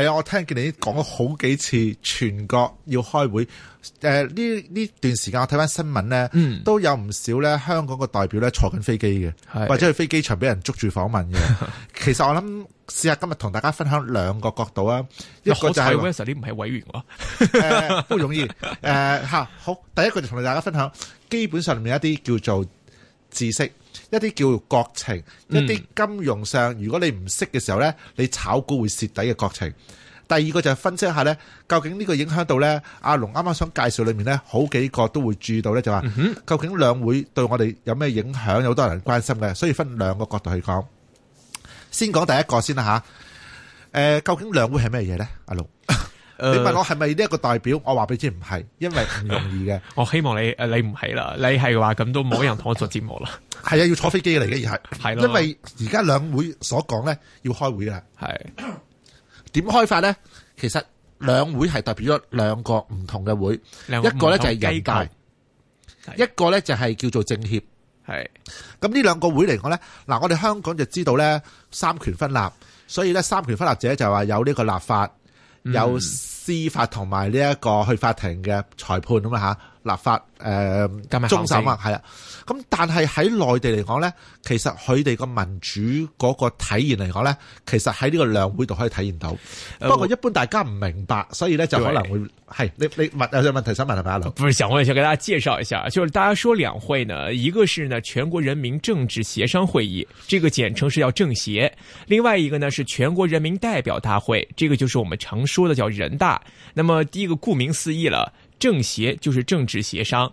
係啊，我聽見你講咗好幾次全國要開會，誒呢呢段時間我睇翻新聞咧，嗯、都有唔少咧香港嘅代表咧坐緊飛機嘅，的或者去飛機場俾人捉住訪問嘅。 其實我諗試下今日同大家分享兩個角度啊，一 個就係 Wilson 你唔係委員、 呃，不容易。誒、呃、吓好，第一個就同大家分享，基本上面有一啲叫做知識。一啲叫做國情，一啲金融上，如果你唔識嘅時候呢，你炒股會蝕底嘅國情。第二個就係分析一下呢，究竟呢個影響到呢？阿龍啱啱想介紹裏面呢，好幾個都會注意到呢，就話究竟兩會對我哋有咩影響，嗯、哼有好多人關心嘅，所以分兩個角度去講。先講第一個先啦吓，究竟兩會係咩嘢呢？阿龍？你問我係咪呢一個代表？我話俾你知唔係，因為唔容易嘅。我希望你誒，你唔係啦，你係話咁都冇人同我做節目啦。係啊，要坐飛機嚟嘅而係，係咯。因為而家兩會所講咧，要開會啦。係點開法咧？其實兩會係代表咗兩個唔同嘅會，一個咧就係人大，一個咧就係叫做政協。係咁呢兩個會嚟講咧，嗱，我哋香港就知道咧三權分立，所以咧三權分立者就話有呢個立法。有司法同埋呢一個去法庭嘅裁判，咁啊吓。立法誒、呃、中審啊，係、嗯、啊，咁但係喺內地嚟講呢，其實佢哋個民主嗰個體現嚟講呢，其實喺呢個兩會度可以體現到。呃、不過一般大家唔明白，所以呢就可能會係為你你問有啲問題想問下咪啊？不是，我想一下給大家介紹一下，就是大家說兩會呢，一個是呢全國人民政治協商會議，這個簡稱是叫政協；另外一個呢是全國人民代表大會，這個就是我們常說的叫人大。那麼第一個顧名思義了。政協就是政治協商。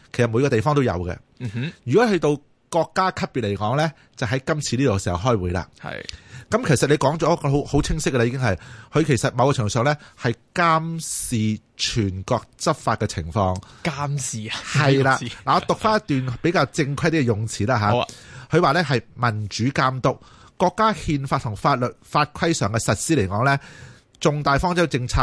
其實每個地方都有嘅。嗯哼，如果去到國家級別嚟講呢，就喺今次呢個時候開會啦。係是，咁其實你講咗一個好好清晰嘅啦，已經係，佢其實某個程度上呢，係監視全國執法嘅情況。監視係係啦，嗱的， 我讀翻一段比較正規啲嘅用詞啦吓。好啊。佢話呢係民主監督國家憲法同法律法規上嘅實施嚟講呢，重大方針政策。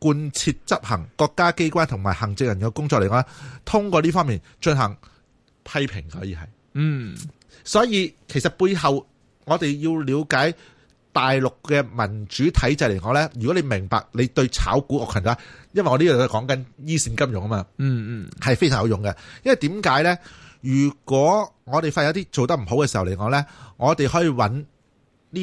貫徹執行國家機關同埋行政人員嘅工作嚟講，通過呢方面進行批評，可以係。嗯，所以其實背後我哋要了解大陸嘅民主體制嚟講，如果你明白你對炒股惡行，因為我呢度都講緊一線金融啊嘛。嗯嗯，係非常有用嘅，因為點解呢？如果我哋發現有啲做得唔好嘅時候嚟講呢，我哋可以揾呢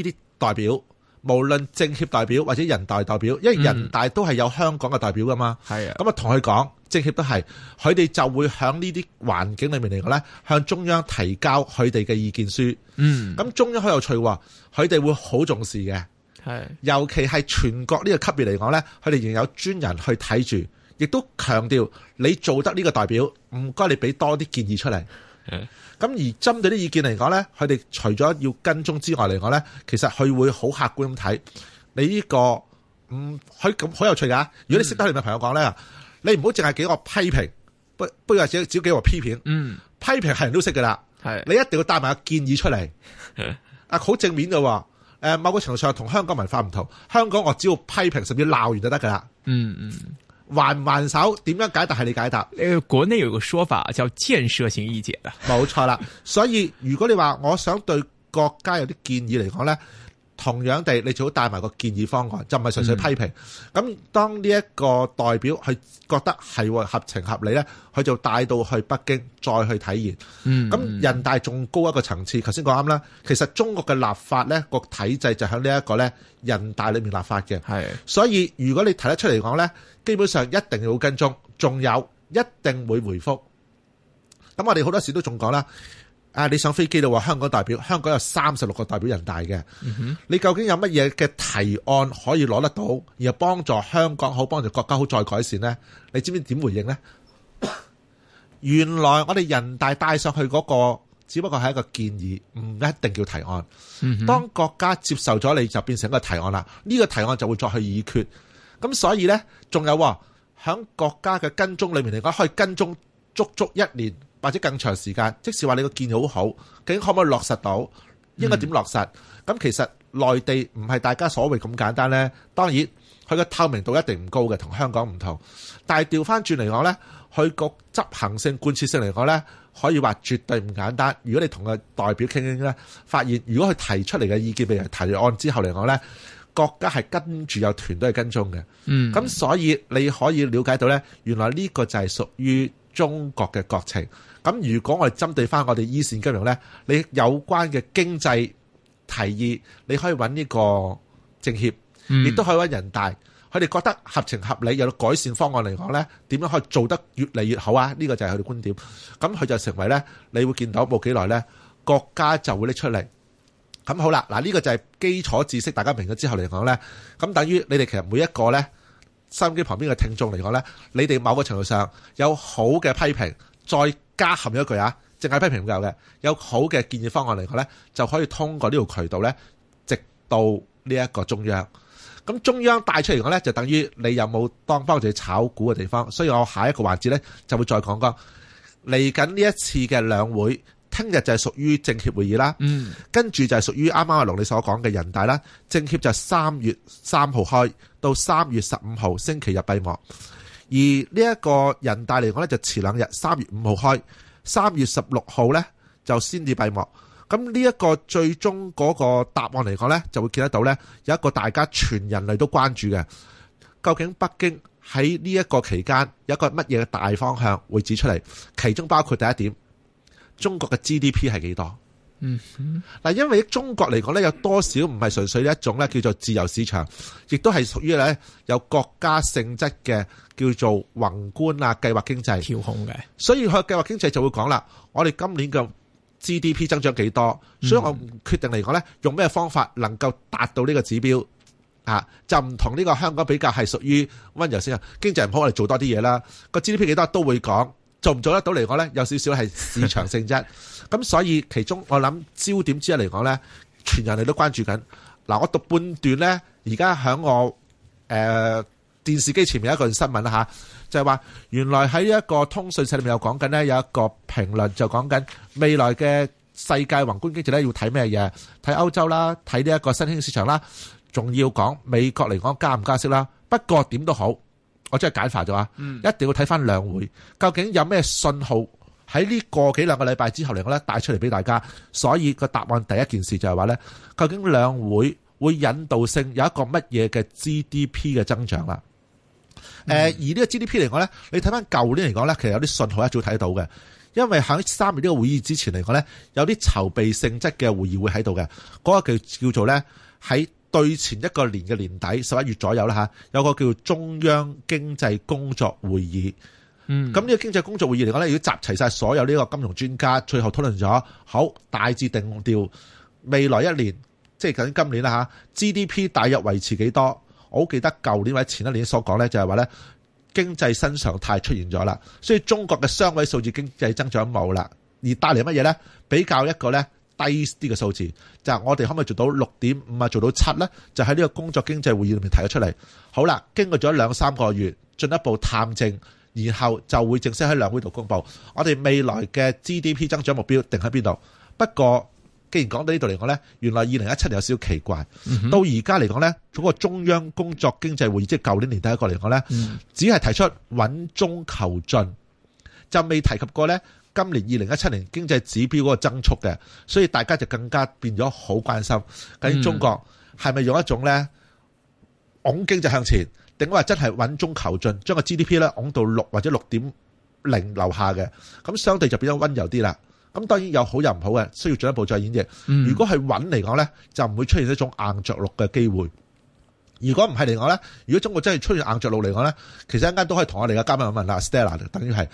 啲代表。無論政協代表或者人大代，代表，因為人大都係有香港嘅代表噶嘛，係啊、嗯，咁啊同佢講，政協都係，佢哋就會響呢啲環境裏面嚟講呢，向中央提交佢哋嘅意見書。嗯，咁中央好有趣嘅，佢哋會好重視嘅，係、嗯，尤其係全國呢個級別嚟講呢，佢哋仍有專人去睇住，亦都強調你做得呢個代表，唔該你俾多啲建議出嚟。咁而針對啲意見嚟講咧，佢哋除咗要跟蹤之外嚟講咧，其實佢會好客觀咁睇你呢個，嗯，佢咁好有趣噶。如果你識得你嘅朋友講咧，嗯、你唔好淨係幾個批評，不不如自己少幾個批評。嗯，批評係人都識噶啦，係的你一定要帶埋個建議出嚟，啊的，好正面嘅，誒，某個程度上同香港文化唔同，香港我只要批評甚至鬧完就得噶啦。嗯嗯。還唔還手？點樣解答係你解答？誒，國內有一個說法叫建設性意見的，冇 錯啦。所以如果你話我想對國家有啲建議嚟講咧。同樣地，你最好帶埋個建議方案，就唔係純粹批評。咁當呢一個代表佢覺得係合情合理咧，佢就帶到去北京再去體驗。咁人大仲高一個層次，頭先講啱啦。其實中國嘅立法呢個體制就喺呢一個咧人大裏面立法嘅。係，所以如果你提得出嚟講咧，基本上一定要跟蹤，仲有一定會回覆。咁我哋好多時都仲講啦。啊！你上飛機嘅話，香港代表，香港有三十六個代表人大嘅，嗯、哼你究竟有乜嘢嘅提案可以攞得到，而幫助香港好，幫助國家好再改善呢？你知唔知點回應呢？ 原來我哋人大帶上去嗰、那個，只不過係一個建議，唔一定叫提案。嗯、哼當國家接受咗你就變成一個提案啦。呢、這個提案就會再去議決。咁所以呢，仲有話，喺國家嘅跟蹤裏面嚟講，可以跟蹤足足一年。或者更長時間，即使話你個建議好好，究竟可唔可以落實到？應該點落實？咁、嗯、其實內地唔係大家所謂咁簡單呢。當然佢個透明度一定唔高嘅，同香港唔同。但係調翻轉嚟講呢，佢個執行性、貫徹性嚟講呢，可以話絕對唔簡單。如果你同個代表傾傾呢，發現如果佢提出嚟嘅意見畀人提案之後嚟講呢，國家係跟住有團隊去跟蹤嘅。嗯，咁所以你可以了解到呢，原來呢個就係屬於中國嘅國情。咁如果我哋針對翻我哋依線金融呢，你有關嘅經濟提議，你可以揾呢個政協，亦都、嗯、可以揾人大，佢哋覺得合情合理，有改善方案嚟講呢，點樣可以做得越嚟越好啊？呢、呢個就係佢哋觀點。咁佢就成為呢，你會見到冇幾耐呢國家就會拎出嚟。咁好啦，嗱、呢、呢個就係基礎知識，大家明咗之後嚟講呢。咁等於你哋其實每一個呢，收音機旁邊嘅聽眾嚟講呢，你哋某個程度上有好嘅批評，再。加含咗一句啊，淨係批評唔夠嘅，有好嘅建議方案嚟講呢，就可以通過呢條渠道呢，直到呢一個中央。咁中央帶出嚟講呢，就等於你有冇當幫我哋炒股嘅地方。所以我下一個環節呢，就會再講講嚟緊呢一次嘅兩會，聽日就係屬於政協會議啦。嗯，跟住就係屬於啱啱阿龍你所講嘅人大啦。政協就三月三號開，到三月十五號星期日閉幕。而呢一個人大嚟講咧，就遲兩日，三月五號開，三月十六號呢就先至閉幕。咁呢一個最終嗰個答案嚟講呢，就會見得到呢，有一個大家全人類都關注嘅，究竟北京喺呢一個期間有一個乜嘢嘅大方向會指出嚟。其中包括第一點，中國嘅 GDP 係幾多？嗯，嗱，因為中國嚟講咧，有多少唔係純粹一種咧叫做自由市場，亦都係屬於咧有國家性質嘅叫做宏觀啊計劃經濟調控嘅。的所以佢計劃經濟就會講啦，我哋今年嘅 GDP 增長幾多，所以我決定嚟講咧，用咩方法能夠達到呢個指標啊？就唔同呢個香港比較，係屬於溫柔先啊。經濟唔好，我哋做多啲嘢啦。個 GDP 幾多都會講。做唔做得到嚟講咧，有少少係市場性質。咁所以其中我諗焦點之一嚟講咧，全人哋都關注緊。嗱，我讀半段咧，而家響我誒電視機前面有一個新聞啦嚇，就係話原來喺一個通訊社裏面有講緊咧，有一個評論就講緊未來嘅世界宏觀經濟咧要睇咩嘢？睇歐洲啦，睇呢一個新興市場啦，仲要講美國嚟講加唔加息啦。不過點都好。我真係解法咗啊！一定要睇翻兩會，究竟有咩信號喺呢個幾兩個禮拜之後嚟講咧帶出嚟俾大家？所以個答案第一件事就係話咧，究竟兩會會引導性有一個乜嘢嘅 GDP 嘅增長啦？誒、嗯，而呢個 GDP 嚟講咧，你睇翻舊年嚟講咧，其實有啲信號一早睇得到嘅，因為喺三月呢個會議之前嚟講咧，有啲籌備性質嘅會議會喺度嘅，嗰、那個叫叫做咧喺。對前一個年嘅年底十一月左右啦嚇，有個叫中央經濟工作會議，咁呢、嗯、個經濟工作會議嚟講咧，要集齊晒所有呢個金融專家，最後討論咗，好大致定調未來一年，即係究竟今年啦嚇，GDP 大約維持幾多？我好記得舊年或者前一年所講咧，就係話咧經濟新常態出現咗啦，所以中國嘅雙位數字經濟增長冇啦，而帶嚟乜嘢咧？比較一個咧。低啲嘅數字，就係、我哋可唔可以做到六點五啊？做到七呢？就喺呢個工作經濟會議裏面提咗出嚟。好啦，經過咗兩三個月，進一步探證，然後就會正式喺兩會度公布我哋未來嘅 GDP 增長目標定喺邊度。不過，既然講到呢度嚟講呢，原來二零一七年有少少奇怪。到而家嚟講呢，嗰個中央工作經濟會議，即係舊年年底一個嚟講呢，只係提出穩中求進，就未提及過呢。今年二零一七年經濟指標嗰個增速嘅，所以大家就更加變咗好關心，究竟中國係咪用一種咧拱經濟向前，定話真係穩中求進，將個 GDP 咧拱到六或者六點零樓下嘅，咁相對就比較温柔啲啦。咁當然有好有唔好嘅，需要進一步再演繹，如果係穩嚟講咧，就唔會出現一種硬着陸嘅機會。如果唔係嚟講咧，如果中國真係出現硬着陸嚟講咧，其實一間都可以同我哋嘅嘉賓問問啦，Stella，等於係，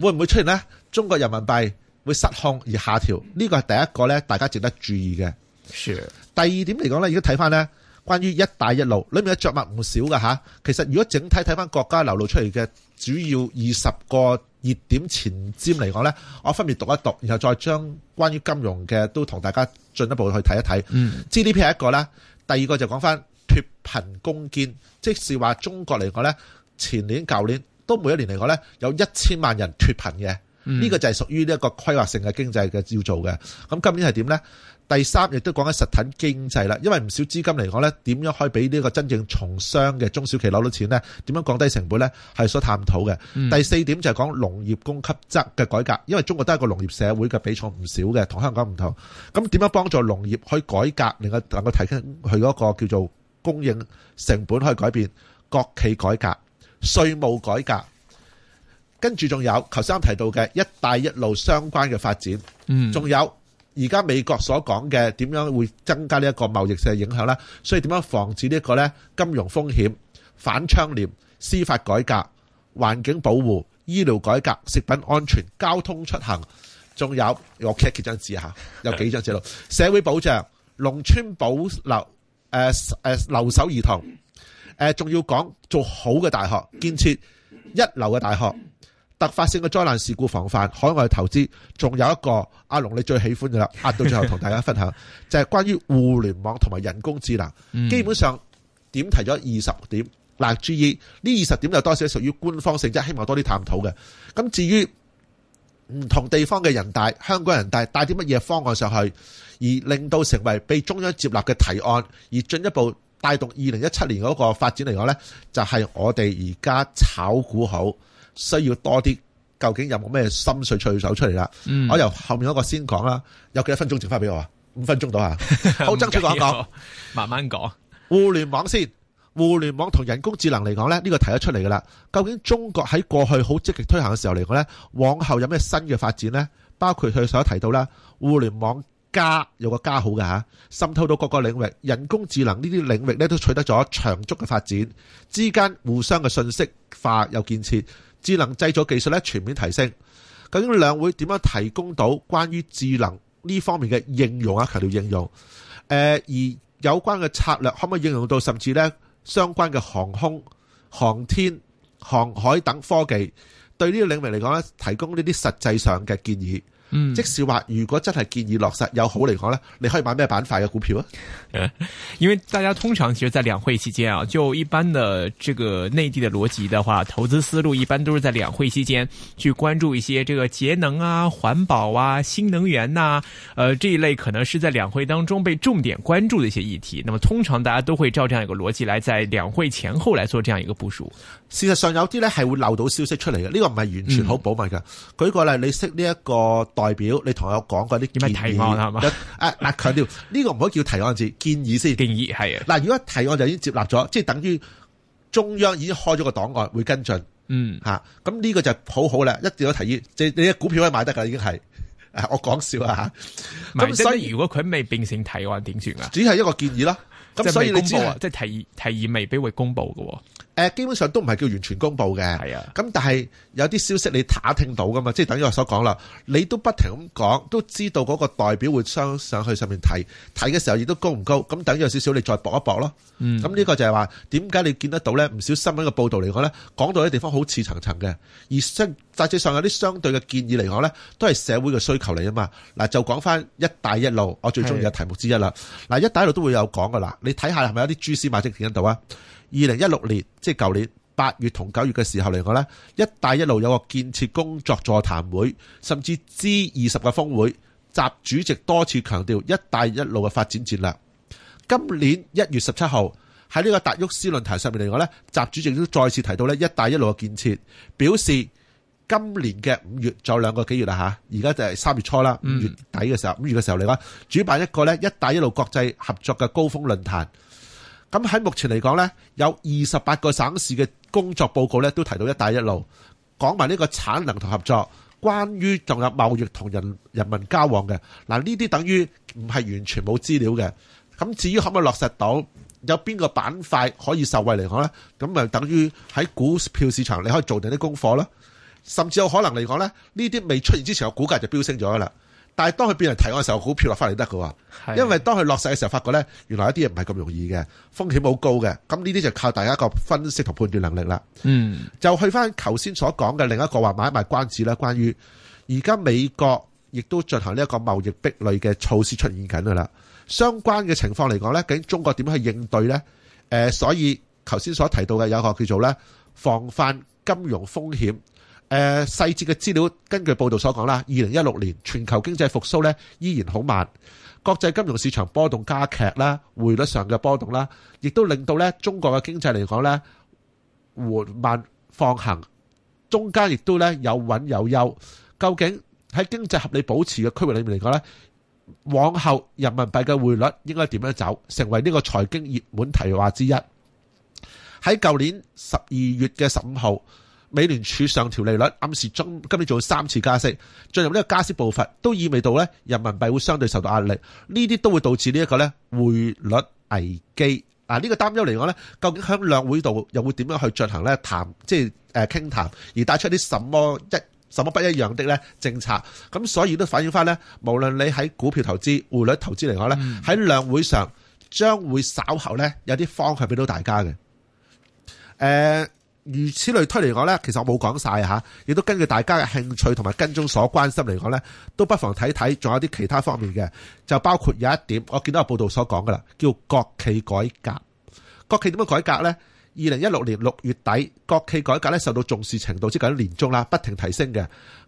會唔會出現咧？中國人民幣會失控而下調，呢個係第一個咧，大家值得注意嘅。Sure. 第二點嚟講咧，而家睇翻咧，關於一帶一路裏面嘅着墨唔少嘅吓，其實如果整體睇翻國家流露出嚟嘅主要二十個熱點前瞻嚟講咧，我分別讀一讀，然後再將關於金融嘅都同大家進一步去睇一睇。嗯。GDP 係一個啦，第二個就講翻。脫貧攻堅，即是話中國嚟講呢，前年、舊年都每一年嚟講呢，有一千萬人脫貧嘅，呢、嗯、個就係屬於呢一個規劃性嘅經濟嘅要做嘅。咁今年係點呢？第三亦都講緊實體經濟啦，因為唔少資金嚟講呢，點樣可以俾呢個真正從商嘅中小企攞到錢呢？點樣降低成本呢？係所探討嘅。嗯、第四點就係講農業供給側嘅改革，因為中國都係個農業社會嘅比重唔少嘅，同香港唔同。咁點樣幫助農業去改革，能夠能夠提升佢嗰個叫做？供應成本可以改變，國企改革、稅務改革，跟住仲有頭先提到嘅一帶一路相關嘅發展，嗯，仲有而家美國所講嘅點樣會增加呢一個貿易上影響呢？所以點樣防止這呢一個金融風險、反倡廉、司法改革、環境保護、醫療改革、食品安全、交通出行，仲有我 check 幾張紙吓，有幾張紙咯 社會保障、農村保留。誒誒，留守兒童，誒仲要講做好嘅大學，建設一流嘅大學，突發性嘅災難事故防範，海外投資，仲有一個阿龍你最喜歡嘅啦，壓到最後同大家分享就係、是、關於互聯網同埋人工智能，基本上點提咗二十點，嗱，注意呢二十點有多少屬於官方性質，希望多啲探討嘅，咁至於。唔同地方嘅人大，香港人大帶啲乜嘢方案上去，而令到成為被中央接納嘅提案，而進一步帶動二零一七年嗰個發展嚟講呢，就係、是、我哋而家炒股好需要多啲，究竟有冇咩心水出手出嚟啦？嗯，我由後面嗰個先講啦，有幾多分鐘剩翻俾我啊？五分鐘到下。好爭取講一講， 慢慢講說，互聯網先。互聯網同人工智能嚟講咧，呢個提得出嚟噶啦。究竟中國喺過去好積極推行嘅時候嚟講咧，往後有咩新嘅發展咧？包括佢所提到啦，互聯網加有個加好嘅吓，滲透到各個領域。人工智能呢啲領域咧都取得咗長足嘅發展，之間互相嘅信息化又建設，智能製造技術咧全面提升。究竟兩會點樣提供到關於智能呢方面嘅應用啊？求其應用。誒，而有關嘅策略可唔可以應用到甚至咧？相關嘅航空、航天、航海等科技，對呢個領域嚟講咧，提供呢啲實際上嘅建議。嗯，即係話如果真係建議落實有好嚟講呢，你可以買咩板塊嘅股票啊，嗯。因為大家通常其實，在兩會期間啊，就一般的這個內地的邏輯的話，投資思路一般都是在兩會期間去關注一些這個節能啊、環保啊、新能源啊，呃，這一類可能是在兩會當中被重點關注的一些議題。那麼通常大家都會照這樣一個邏輯來，在兩會前後來做這樣一個部署。事實上有啲呢係會漏到消息出嚟嘅。呢，這個唔係完全好保密噶。嗯，舉個例，你識呢、這、一個。代表你同我講過啲咩提案，係嘛？誒強調呢個唔可以叫提案字，建議先。建議係啊。嗱，如果提案就已經接納咗，即係等於中央已經開咗個檔案會跟進。嗯，吓、啊，咁呢個就好好啦。一定要提議，即係你嘅股票可以買得噶，已經係。誒，我講笑啊吓。所以如果佢未變成提案點算啊？只係一個建議啦。咁所以你知即係提議提議未必會公布嘅喎。基本上都唔係叫完全公布嘅。係啊。咁但係有啲消息你打聽到噶嘛？即係等於我所講啦，你都不停咁講，都知道嗰個代表會上上去上面睇睇嘅時候，亦都高唔高？咁等於有少少你再搏一搏咯。咁呢個就係話點解你見得到咧？唔少新聞嘅報導嚟講咧，講到啲地方好似層層嘅，而實際上有啲相對嘅建議嚟講咧，都係社會嘅需求嚟啊嘛。嗱，就講翻一帶一路，我最鍾意嘅題目之一啦。嗱是，一帶一路都會有講噶啦。你睇下係咪有啲蛛絲馬跡喺度啊？二零一六年即係舊年八月同九月嘅時候嚟講呢，一帶一路有個建設工作座談會，甚至 G 二十嘅峰會，習主席多次強調一帶一路嘅發展戰略。今年一月十七號喺呢個達沃斯論壇上面嚟講呢，習主席都再次提到呢一帶一路嘅建設，表示。今年嘅五月仲有兩個幾月啦吓，而家就係三月初啦，五月底嘅時候，五月嘅時候嚟講，主辦一個呢一帶一路國際合作嘅高峰論壇。咁喺目前嚟講呢，有二十八個省市嘅工作報告呢都提到一帶一路，講埋呢個產能同合作，關於仲有貿易同人人民交往嘅。嗱呢啲等於唔係完全冇資料嘅。咁至於可唔可以落實到有邊個板塊可以受惠嚟講呢？咁咪等於喺股票市場你可以做定啲功課咯。甚至有可能嚟講呢，呢啲未出現之前嘅股價就飆升咗啦。但係當佢變成提案嘅時候，股票落翻嚟得㗎喎。因為當佢落實嘅時候，發覺呢原來一啲嘢唔係咁容易嘅，風險好高嘅。咁呢啲就靠大家個分析同判斷能力啦。嗯，就去翻頭先所講嘅另一個話買賣關子啦。關於而家美國亦都進行呢一個貿易壁壘嘅措施出現緊㗎啦。相關嘅情況嚟講呢，究竟中國點樣去應對呢？所以頭先所提到嘅有一個叫做呢：防範金融風險。誒，細節嘅資料根據報道所講啦，二零一六年全球經濟復蘇呢依然好慢，國際金融市場波動加劇啦，匯率上嘅波動啦，亦都令到呢中國嘅經濟嚟講呢緩慢放行，中間亦都呢有穩有優。究竟喺經濟合理保持嘅區域裏面嚟講呢，往後人民幣嘅匯率應該點樣走，成為呢個財經熱門題話之一。喺舊年十二月嘅十五號。美聯儲上調利率，暗示今今年做三次加息，進入呢個加息步伐，都意味到咧人民幣會相對受到壓力，呢啲都會導致呢一個咧匯率危機。嗱、啊、呢、呢個擔憂嚟講咧，究竟響兩會度又會點樣去進行呢？談，即係誒傾談，而帶出啲什麼一什麼不一樣的咧政策。咁、啊、所以都反映翻呢無論你喺股票投資、匯率投資嚟講呢喺兩會上將會稍後呢有啲方向俾到大家嘅。誒、啊。如此類推，嚟講呢，其實我冇講晒吓，亦都根據大家嘅興趣同埋跟蹤所關心嚟講呢，都不妨睇睇仲有啲其他方面嘅。就包括有一點，我見到個報道所講噶啦，叫國企改革。國企點樣改革呢？二零一六年六月底，國企改革呢受到重視程度之一年中啦，不停提升嘅。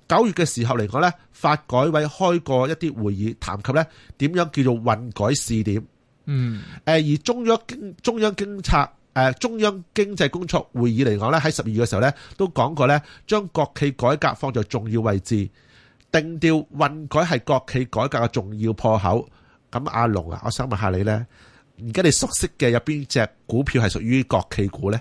九月嘅時候嚟講呢，發改委開過一啲會議，談及呢，點樣叫做混改試點。嗯。誒，而中央經中央經策。中央經濟工作會議嚟講呢，喺十二月嘅時候呢都講過呢將國企改革放在重要位置，定調混改係國企改革嘅重要破口。咁阿龍啊，我想問下你呢，而家你熟悉嘅有邊隻股票係屬於國企股呢？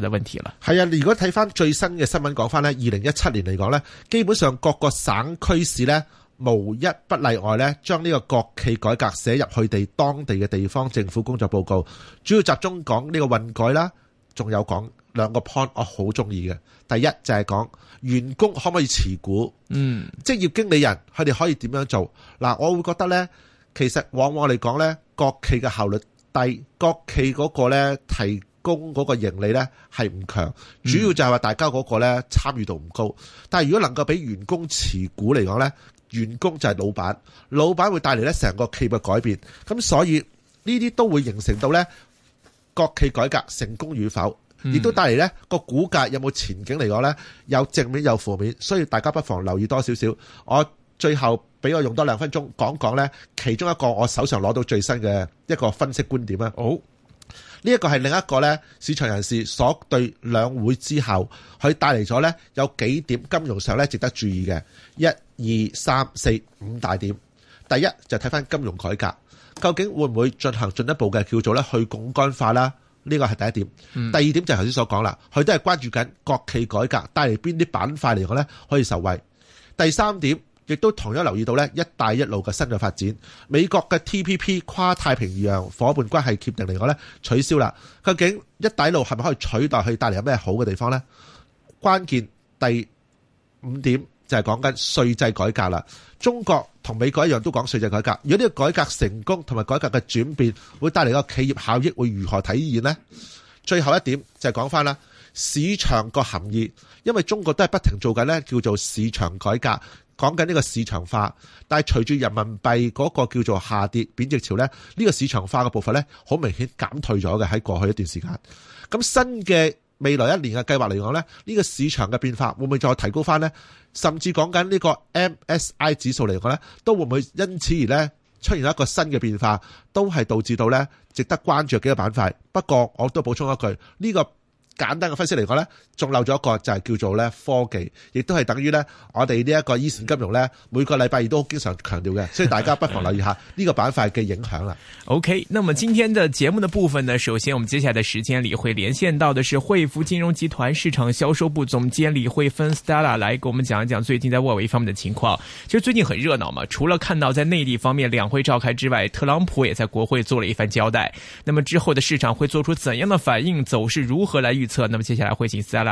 出問題啦，係啊！如果睇翻最新嘅新聞，講翻呢，二零一七年嚟講呢，基本上各個省區市呢，無一不例外呢，將呢個國企改革寫入佢哋當地嘅地方政府工作報告，主要集中講呢個混改啦，仲有講兩個 point，我好中意嘅，第一就係講員工可唔可以持股，嗯，職業經理人佢哋可以點樣做？嗱，我會覺得呢，其實往往嚟講呢，國企嘅效率低，國企嗰個呢。提。工嗰個盈利呢，係唔強，主要就係話大家嗰個呢，參與度唔高。但係如果能夠俾員工持股嚟講呢，員工就係老闆，老闆會帶嚟呢，成個企業嘅改變。咁所以呢啲都會形成到呢，國企改革成功與否，亦都帶嚟呢個股價有冇前景嚟講呢，有正面有負面，所以大家不妨留意多少少。我最後俾我用多兩分鐘講講呢，其中一個我手上攞到最新嘅一個分析觀點啊！好。哦呢一個係另一個咧，市場人士所對兩會之後佢帶嚟咗咧有幾點金融上咧值得注意嘅，一二三四五大點。第一就睇返金融改革，究竟會唔會進行進一步嘅叫做咧去槓杆化啦？呢個係第一點。第二點就係頭先所講啦，佢都係關注緊國企改革帶嚟邊啲板塊嚟講呢，可以受惠。第三點。亦都同樣留意到咧，一帶一路嘅新嘅發展，美國嘅 TPP 跨太平洋夥伴關係協定嚟講咧取消啦。究竟一帶路係咪可以取代佢帶嚟有咩好嘅地方呢？關鍵第五點就係講緊稅制改革啦。中國同美國一樣都講稅制改革。如果呢個改革成功同埋改革嘅轉變，會帶嚟個企業效益會如何體現呢？最後一點就係講返啦，市場個含義，因為中國都係不停做緊呢，叫做市場改革。講緊呢個市場化，但係隨住人民幣嗰個叫做下跌貶值潮呢，呢個市場化嘅部分呢，好明顯減退咗嘅喺過去一段時間。咁新嘅未來一年嘅計劃嚟講呢，呢個市場嘅變化會唔會再提高翻呢？甚至講緊呢個 MSI 指數嚟講呢，都會唔會因此而呢出現一個新嘅變化，都係導致到呢值得關注嘅幾個板塊。不過我都補充一句，呢個簡單嘅分析嚟講呢。仲漏咗一個就係叫做咧科技，亦都係等於咧我哋呢一個依、e、金融咧每個禮拜二都很經常強調嘅，所以大家不妨留意下呢個板塊嘅影響啦。OK，那麼今天的節目的部分呢，首先我們接下來的時間裏會連線到的是匯福金融集團市場銷售部總經理慧芬 Stella 來跟我們講一講最近在外圍方面的情況。其實最近很熱鬧嘛，除了看到在內地方面兩會召開之外，特朗普也在國會做了一番交代。那麼之後的市場會做出怎樣的反應？走勢如何來預測？那麼接下來會請 Stella。